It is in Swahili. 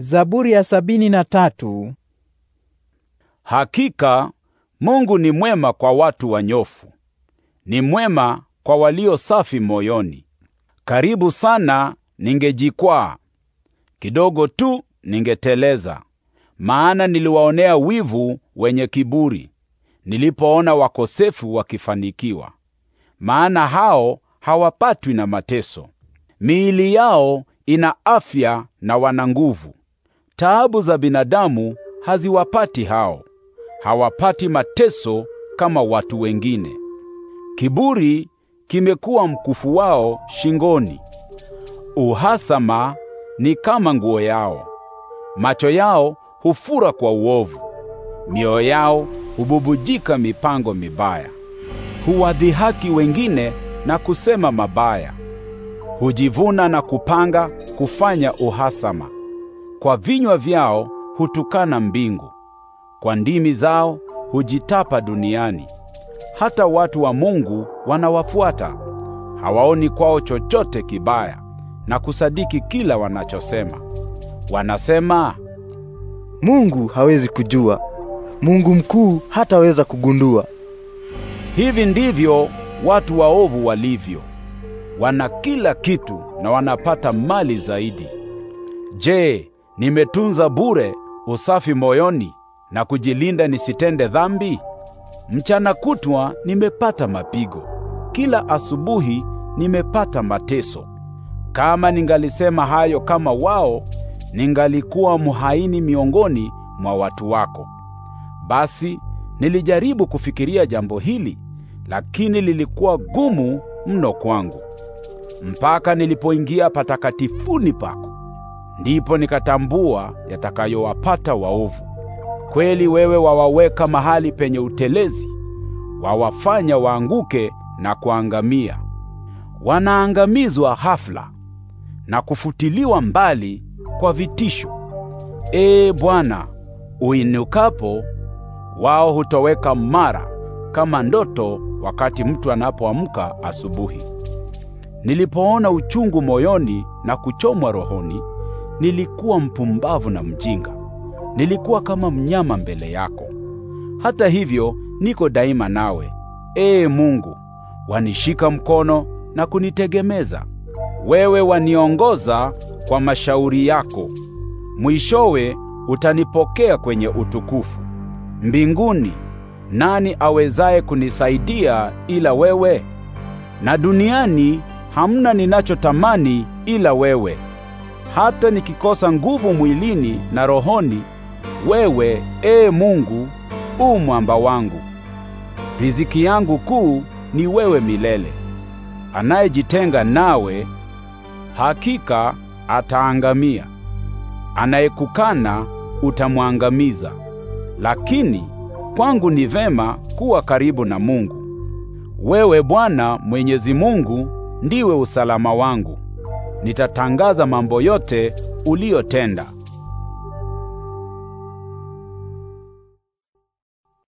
Zaburi ya sabini na tatu. Hakika Mungu ni mwema kwa watu wanyofu, ni mwema kwa walio safi moyoni. Karibu sana ningejikwaa, kidogo tu ningeteleza, maana niliwaonea wivu wenye kiburi, nilipoona wakosefu wakifanikiwa. Maana hao hawapatwi na mateso, miili yao ina afya na wana nguvu. Taabu za binadamu haziwapati hao, hawapati mateso kama watu wengine. Kiburi kimekuwa mkufu wao shingoni, uhasama ni kama nguo yao. Macho yao hufura kwa uovu, mioyo yao hububujika mipango mibaya. Huwadhihaki wengine na kusema mabaya, hujivuna na kupanga kufanya uhasama. Kwa vinywa vyao hutukana mbingu, kwa ndimi zao hujitapa duniani. Hata watu wa Mungu wanawafuata, hawaoni kwao chochote kibaya na kusadiki kila wanachosema. Wanasema Mungu hawezi kujua, Mungu mkuu hataweza kugundua. Hivi ndivyo watu waovu walivyo, wana kila kitu na wanapata mali zaidi. Je, nimetunza bure usafi moyoni na kujilinda nisitende dhambi? Mchana kutwa nimepata mapigo, kila asubuhi nimepata mateso. Kama ningalisema hayo kama wao, ningalikuwa mhaini miongoni mwa watu wako. Basi nilijaribu kufikiria jambo hili, lakini lilikuwa gumu mno kwangu, mpaka nilipoingia patakatifuni pako ndipo nikatambua yatakayowapata waovu. Kweli wewe wawaweka mahali penye utelezi, wawafanya waanguke na kuangamia. Wanaangamizwa hafla na kufutiliwa mbali kwa vitisho. Ee Bwana, uinukapo wao hutoweka mara kama ndoto wakati mtu anapoamka asubuhi. Nilipoona uchungu moyoni na kuchomwa rohoni nilikuwa mpumbavu na mjinga, nilikuwa kama mnyama mbele yako. Hata hivyo niko daima nawe, ee Mungu, wanishika mkono na kunitegemeza. Wewe waniongoza kwa mashauri yako, mwishowe utanipokea kwenye utukufu. Mbinguni nani awezaye kunisaidia ila wewe? Na duniani hamna ninachotamani ila wewe hata nikikosa nguvu mwilini na rohoni, wewe ee Mungu u mwamba wangu. Riziki yangu kuu ni wewe milele. Anayejitenga nawe hakika ataangamia, anayekukana utamwangamiza. Lakini kwangu ni vema kuwa karibu na Mungu. Wewe Bwana Mwenyezi Mungu ndiwe usalama wangu nitatangaza mambo yote uliyotenda.